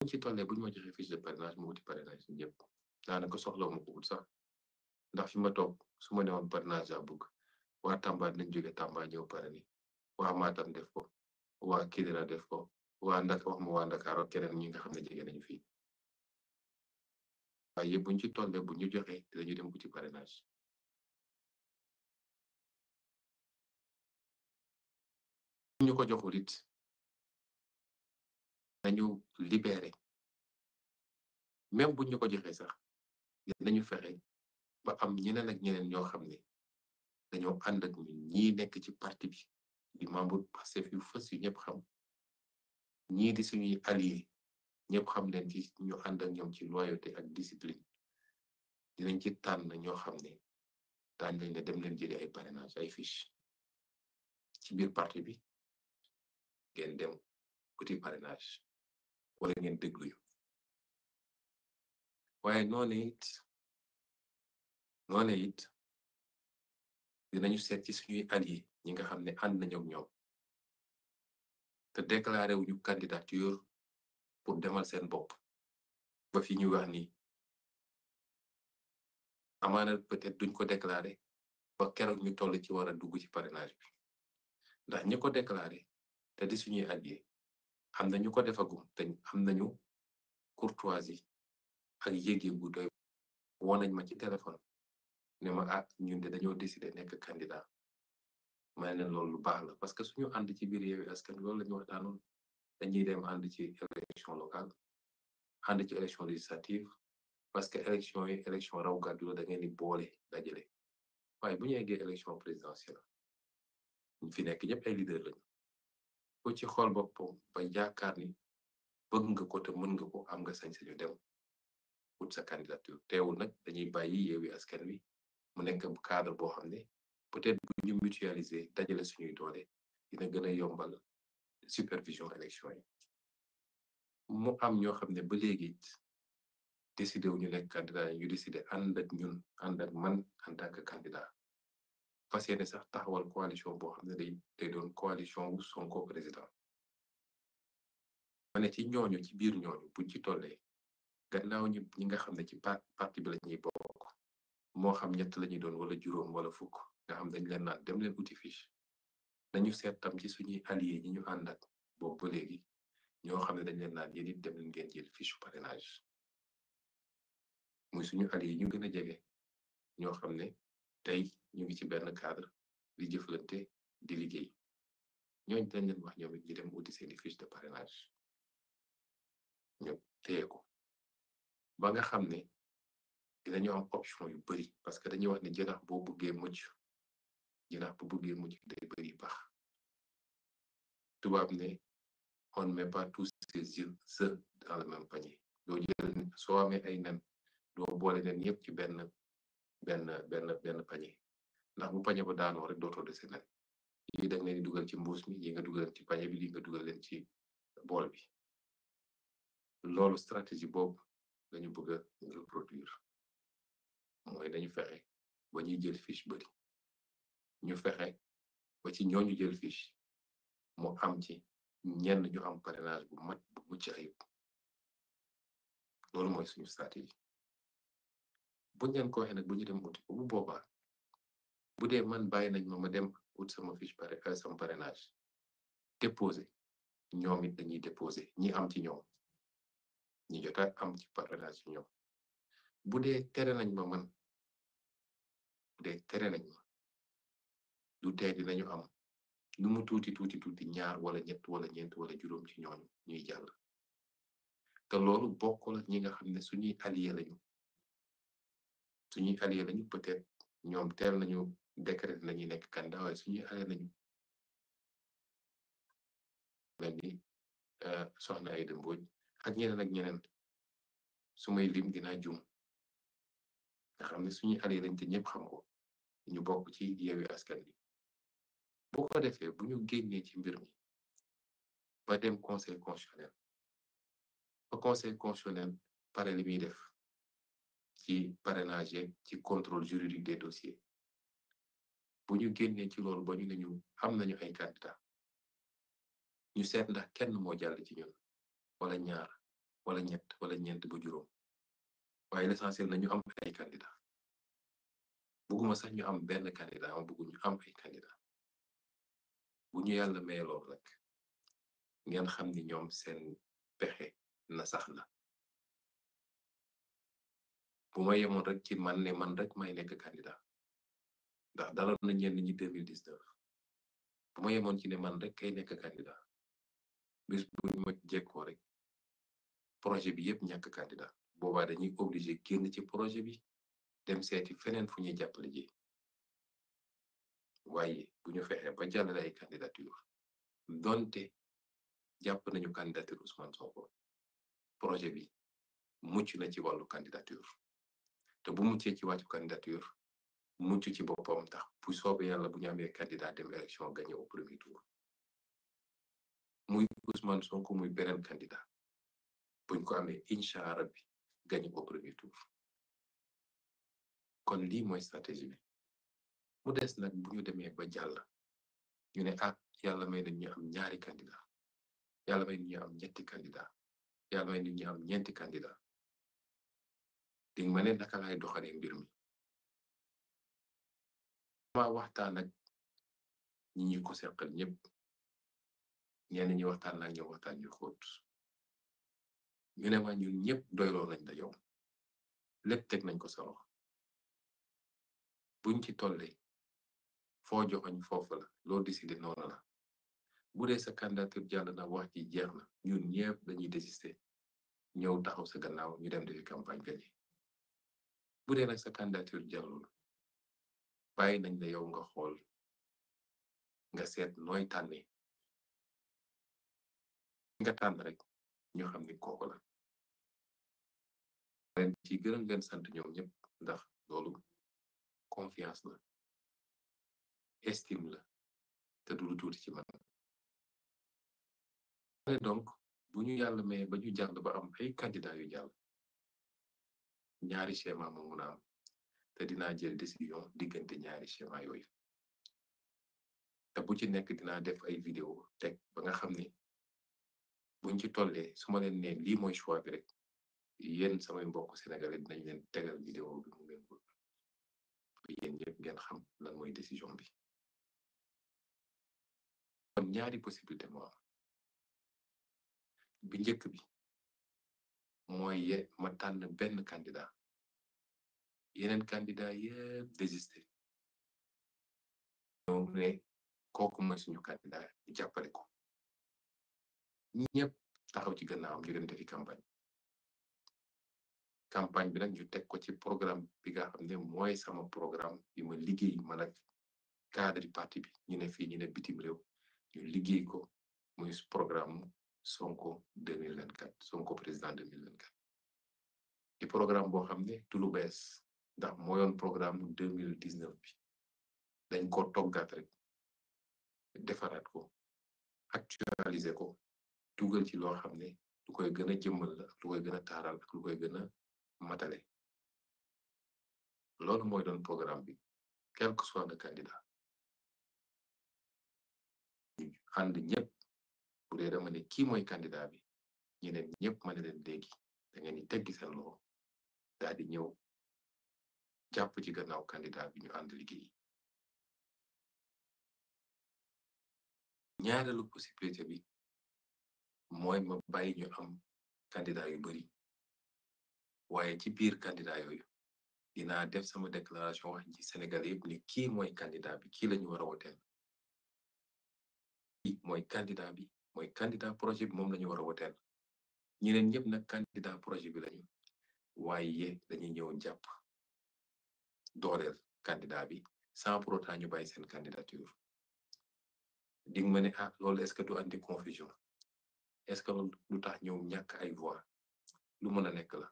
buñ ci tollee bu ñu ma joxee fiche de parrainage mu wuti parrainage ñëpp daanaka soxlaw ma ko wut sax ndax fi ma toog su ma newoon parrainage laa bëgg waa Tamba nañ jóge Tamba ñëw parrainé wa Matam def ko waa Kidira def ko waa Ndaka wax ma waa Ndakaar ak keneen ñi nga xam ne jege nañu fii waaye buñ ci tollee bu ñu joxee dinañu dem wuti parrainage ñu ko joxul nañu libéré même buñ ñu ko joxee sax nañu fexe ba am ñeneen ak ñeneen ñoo xam ne dañoo ànd ak ñun ñii nekk ci parti bi di membre Pastef yu fës yu ñëpp xam ñii di suñuy allié ñëpp xam leen ñoo ñu ànd ñoom ci loyauté ak discipline dinañ ci tànn ñoo xam ne daan lañ ne dem leen jëli ay parrainage ay fiche ci biir parti bi ngeen dem uti parrainage wala ngeen déglu ñu waaye it noone it seet ci suñuy alliés ñi nga xam ne ànd nañu ak ñoom te déclaré wuñu candidature pour demal seen bopp ba fi ñuy wax ni amaana peut-être duñ ko déclaré ba keroog ñu toll ci wara a dugg ci parrainage bi ndax ñi ko déclaré te di suñuy alliés am na ñu ko defagum te am nañu courtoisie ak yéege bu doy woo nañ ma ci téléphone ne ma ah ñun de dañoo décider nekk candidat ma ne loolu lu baax la parce que suñu ànd ci biir Yewwi Askan Wi loolu la ñu waxtaanoon dañuy dem ànd ci élection locale ànd ci élection législative parce que élection yi élection raw gàddu da ngeen di boole dajale waaye bu ñu eggee élection présidentielle ñu fi nekk ñëpp ay leader lañu ko ci xool boppam ba yaakaar ni bëgg nga ko mën nga ko am nga sañ sañu dem wut sa candidature teewul nag dañuy bàyyi yeewi askan wi mu nekk cadre boo xam ne peut-être bu ñu mutualiser dajale suñuy doole dina gën a yombal supervision élection yi mu am ñoo xam ne ba léegi it décidé wu ñu nekk candidat ñu décidé ànd ak ñun ànd ak man en tant que fas yéene sax taxawal coalition boo xam ne day day doon coalition wu Sonko um président ci ñooñu ci biir ñooñu buñ ci tollee gannaaw ñi ñi nga xam ne ci pa parti bi la ñuy bokk moo xam ñett la ñuy doon wala juróom wala fukk nga xam dañ leen demleen dem leen uti dañu seet ci suñuy allié ñi ñu ànd ak xam ne dañ leen naan yéen dem leen ngeen jël fiche parrainage muy suñu allié yi ñu gën a jege ñoo xam ne tey ñu ngi ci benn cadre di jëflante di liggéey ñooñ dañ leen wax ñoom it ñu fiche de parrainage ñu téye ba nga xam ne dinañu am option yu bari parce que dañuy wax ne jënax boo bëggee mucc bu bëggee mucc day bari baax tubaab on ne pas tous ses œufs dans le même panier ay nen doo boole nen yépp ci benn benn benn benn pañe ndax bu pañe ba daanoo rek dootoo dese nen yi dañ leen dugal ci mbuus mi yi nga dugal ci pañe bi li nga dugal leen ci bool bi loolu stratégie boobu lañu bëgg a reproduire mooy dañu fexe ba ñuy jël fiche bari ñu fexe ba ci ñooñu jël fiche mu am ci ñenn ñu am parrainage bu mat bu mucc ayib loolu mooy suñu stratégie buñ leen ko waxee nag bu ñu dem uti ko bu boobaa bu dee man bàyyi nañ ma ma dem ut sama fiche pare euh, sama parrainage déposé ñoom it dañuy déposé ñi am ci ñoom ñi jota am ci parrainage ci ñoom bu dee tere nañ ma man bu dee tere nañ ma du tey dinañu am lu mu tuuti tuuti tuuti ñaar wala ñett wala ñeent wala juróom ci ñooñu ñuy jàll te loolu bokkul ak ñi nga xam ne suñuy allié suñuy allié lañu peut-être ñoom teel nañu décréter lañuy nekk kanda waaye suñuy allié lañu leen euh, di soxna Aïda Mbodj ak ñeneen ak ñeneen su may lim dinaa juum nga xam ne suñuy allié lañ te ñëpp xam ko ñu bokk ci yeewi askan bi bu ko defee bu ñu génnee ci mbir ba dem conseil constitutionnel ba conseil constitutionnel pare li muy def ci parrainage yeeg ci contrôle juridique des dossiers bu ñu génnee ci loolu ba ñu ne ñu am nañu ay candidat ñu seet ndax kenn moo jàll ci ñun wala ñaar wala ñett wala ñeent ba juróom waaye l'essentiel nañu am ay candidat bëgguma sax ñu am benn candidat ma bëggu ñu am ay candidat bu ñu yàlla maye loolu nag ngeen xam ni ñoom seen pexe na sax na bu ma yemoon rek ci man ne man rek may nekk candidat ndax daloon na ñenn ñi 2019 bu ma yemoon ci ne man rek kay nekk candidat bis bu ma jekkoo rek projet bi yëpp ñàkk candidat boobaa dañuy obligé génn ci projet bi dem seeti feneen fu ñuy jàppale ji waaye bu ñu fexee ba jàllale ay candidature donte jàpp nañu candidature Ousmane Sonko projet bi mucc na ci wàllu candidature te bu muccee ci wàccu candidature mucc ci boppam tax bu soobee yàlla bu ñu amee candidat dem élection gagné au premier tour muy Ousmane Sonko muy beneen candidat buñ ko amee incha allah gagné au premier tour kon lii mooy stratégie bi mu des nag bu ñu demee ba jàll ñu ne ah yàlla ñu am ñaari candidat yàlla may ñu am ñetti candidat yàlla may ñu am ñeenti candidat di ma ne naka laay doxalee mbir mi ma waxtaan ak ñi ñu ko seqal ñëpp ñenn ñi waxtaan ak ñoom waxtaan yu xóot ñu ne ma ñun ñëpp doyloo nañ la yow lépp teg nañ ko sa buñ ci tolle foo joxoñ foofu la loo décidé noonu la bu dee sa candidature jàll na wax ci jeex na ñun ñëpp dañuy désister ñëw taxaw sa gannaaw ñu dem defi campagne gañe bu dee nag sa candidature jàllul bàyyi nañ la yow nga xool nga seet nooy tànne nga tànn rek ñu xam ni kooku ci gërëm leen sant ñoom ñëpp ndax loolu confiance la estime la te du lu tuuti ci man donc bu ñu yàlla ba ñu jàll ba am ay candidat yu jàll ñaari schéma ma mun te dinaa jël décision diggante ñaari schéma yooyu te bu ci nekk dinaa def ay video teg ba nga xam ni buñ ci tollee su ma leen nee lii mooy choix bi rek yéen samay mbokk sénégalais dinañ leen tegal vidéo bi mu ngeen ko yéen ñëpp ngeen xam lan mooy décision bi kon ñaari possibilité moo bi njëkk bi mooy ye ma tànn benn candidat yeneen candidat yëpp désisté ñoo ne kooku mooy suñu candidat ñu jàppale ko ñëpp taxaw ci gannaawam ñu dem defi bi nag ñu teg ko ci programme bi nga xam ne mooy sama programme bi ma liggéey mana ak parti bi ñu ne fii ñu ne bitim réew ñu liggéey ko muy Sonko 2024 Sonko président 2024 di programme boo xam ne du lu bees ndax mooyoon programme deux mille dix neuf bi dañ ko toggaat rek defaraat ko actualiser ko dugal ci loo xam ne lu koy gën a jëmmal la lu koy gën a taaral ak lu koy gën a matale loolu mooy doon programme bi quel soit le candidat ñu ànd bu dee dama ne kii mooy candidat bi ñeneen ñëpp ma ne leen léegi da ngeen di teggi seen loxo daal ñëw jàpp ci gannaaw candidat bi ñu ànd liggéey ñaareelu possibilité bi mooy ma bàyyi ñu am candidat yu bari waaye ci biir candidat yooyu dinaa def sama déclaration wax ci Sénégal yëpp ni kii mooy candidat bi kii lañu war woteel mooy candidat bi mooy candidat projet bi moom la ñu war a woteel ñeneen ñëpp nag candidat projet bi lañu waaye dañuy ñëw jàpp dooleel candidat bi sans pour autant ñu bàyyi seen candidature di nga ma ne ah loolu est-ce que du andi confusion est-ce que loolu lu tax ñëw ñàkk ay voix lu mën a nekk la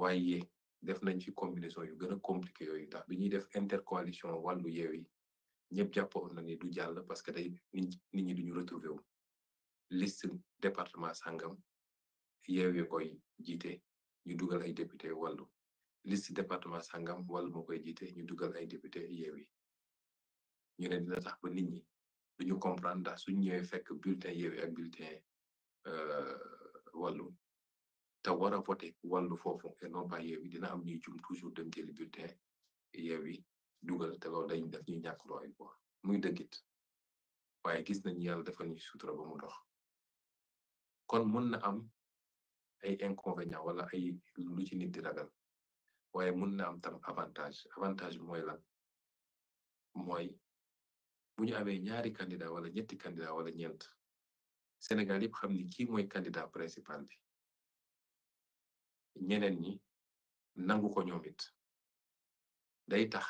waaye def nañ ci combinaison yu gën a compliqué yooyu tax bi ñuy def intercoalition wàllu yeew yi ñëpp jàppoon na ni du jàll parce que day nit ñi du ñu wu liste département sàngam yeew yu koy jiite ñu dugal ay député wàllu liste département sàngam wàllu moo koy jiite ñu dugal ay député yeew yi ñu ne dina ba nit ñi duñu comprendre ndax suñ ñëwee fekk bulletin yeew yi ak bulletin euh, wàllu te war a voté wàllu foofu et non pas yeew dina am ñuy jum toujours dem jëli bulletin yeew yi dugal te loolu dañ def ñuy muy dëggit waaye gis nañu yàlla defal ñu sutura ba mu dox kon mun na am ay inconvénients wala ay lu ci nit di ragal waaye mun na am tam avantage avantage bi mooy lan mooy bu ñu amee ñaari candidat wala ñetti candidat wala ñeent Sénégal yëpp xam ni kii mooy candidat principal bi ñeneen ñi nangu ko ñoom it day tax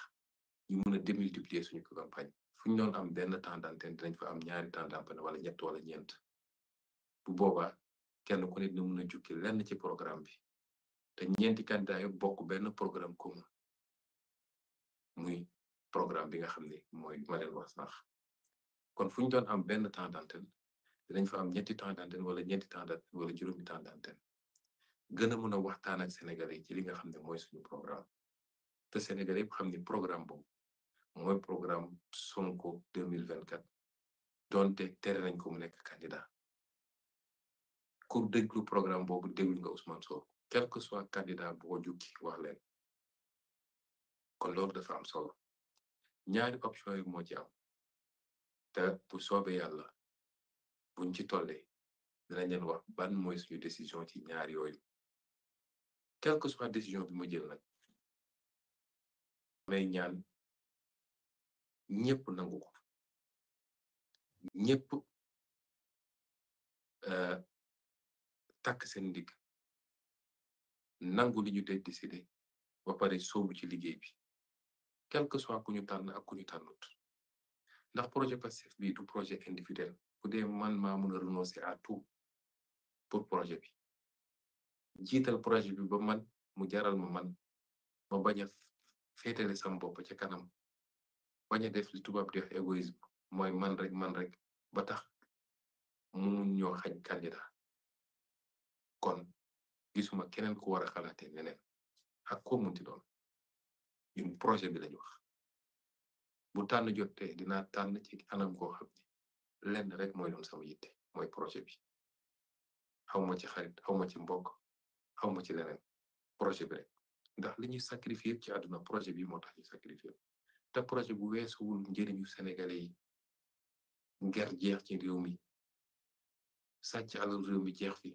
ñu mun a démultiplier suñu campagne fu ñu doon am benn temps d'antenne dinañ fa am ñaari temps d'antenne wala ñett wala ñeent. bu boobaa kenn ku ne dina mën a jukki lenn ci programme bi te ñeenti candidat yëpp bokk benn programme commun muy programme bi nga xam ne mooy ma leen wax kon fu ñu doon am benn temps d'antenne dinañ fa am ñetti temps d'antenne wala ñeenti ten d'antenne wala juróomi temps gën a mën a waxtaan ak Sénégalais yi ci li nga xam ne mooy suñu programme te Sénégalais yëpp xam ni programme boobu mooy programme vingt 2024 doonte tere nañ ko mu nekk candidat ku déglu programme boobu déglu nga Ousmane Sonko quel que soit candidat boo jukki wax leen kon loolu solo ñaari option yi moo ci am te bu soobee yàlla buñ ci tollee dinañ leen wax ban mooy suñu décision ci ñaar yooyu quel que soit décision bi mu jël nag may ñaan ñëpp nangu ko ñëpp euh, takk seen ndigg nangu li ñu dee décidé ba pare sóobu ci liggéey bi quel que soit ku ñu tànn ak ku ñu tànnut ndax projet Pastef bi du projet individuel bu dee man maa mën a renoncer à pour projet bi jiital projet bi ba man mu jaral ma man ma bañ a féetale sama bopp ca kanam bañ a def li tubaab di wax égoïsme mooy man rek man rek ba tax mu ñoo xañ candidat kon gisuma keneen ku war a xalaatee neneen ak koo munti doon projet bi lañu wax bu tànn jotee dinaa tànn ci anam koo xam ni rek mooy doon sama yitte mooy projet bi xawma ci xarit xawma ci mbokk xawma ci leneen projet bi rek ndax li ñuy sacrifier ci àdduna projet bi moo tax ñu sacrifier te projet bu weesuwul njëriñu sénégalais yi nger jeex ci réew mi sàcc alal réew mi jeex fi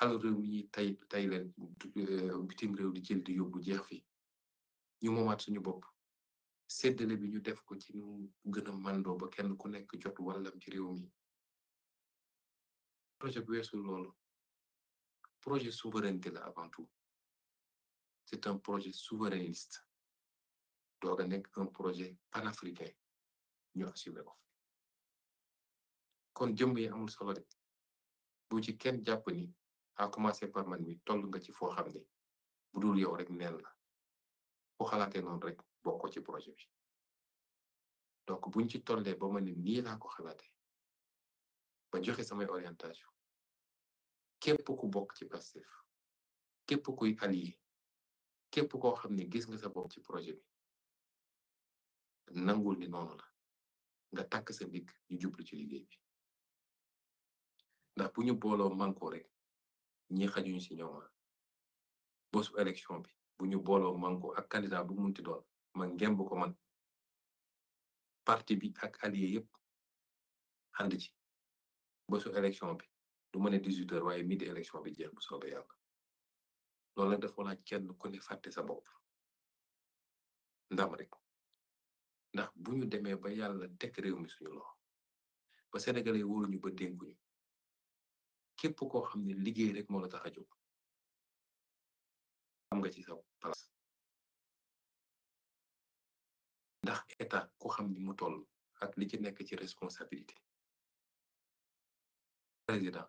al réew mi tay tay leen euh, bitim réew di jël di yóbbu jeex fi ñu moomaat suñu bopp séddale bi ñu def ko ci nu gën a mandoo ba kenn ku nekk jot wàllam ci réew mi projet bu weesu loolu projet souveraineté la avant tout c'est un projet souverainiste dooga nekk un projet panafricain ñu assumer ko kon jëmm yi amul solo rek bu ci kenn jàpp ni à commencer par man mi toll nga ci foo xam ne bu dul yow rek neen la foo xalaatee noonu rek bokko ci projet bi donc buñ ci tollee ba ma ni nii laa xalaate ba joxe samay orientation képp ku bokk ci Pastef képp kuy allié képp koo xam ne gis nga sa bopp ci projet bi nangul ni noonu la nga takk sa ndigg ñu jublu ci liggéey bi ndax bu ñu booloo mànkoo rek ñi xajuñ si ñoom ah, bosu élection bi bu ñu booloo man ak candidat bu munti doon man ngemb ko man parti bi ak allié yépp ànd ci bosu élection bi du ma ne dix-huit heures waaye midi élection bi jeex bu soobee yàlla loolu nag dafa laaj kenn ku ne fàtte sa bopp ndam rek ndax bu ñu demee ba yàlla teg réew mi suñu loxo ba sénégalais ñu ba dénkuñu képp koo xam ne liggéey rek moo la tax a jóg nga ci sa place ndax état ku xam ni mu toll ak li ci nekk ci responsabilité président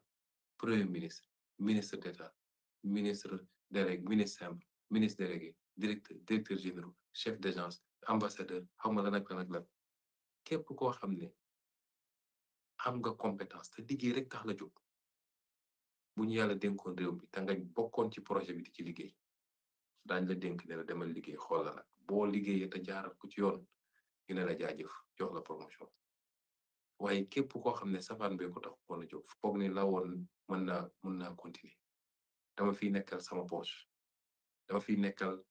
premier ministre ministre d'état ministre délégué ministre simple ministre délégué directeur directeur généraux chef d'agence ambassadeur xam la lan ak lan ak lan képp koo xam ne am nga compétence te liggéey rek tax la jóg bu ñu yàlla dénkoon réew mi te nga bokkoon ci projet bi di ci liggéey daañu la dénk ne la demal liggéey xool la nag boo liggéeyee te jaaral ko ci yoon ñu ne la jaajëf jox la promotion waaye képp koo xam ne safaan bee ko tax woon a jóg foog ne la woon mën naa mën naa continuer dama fiy nekkal sama poche dama fiy nekkal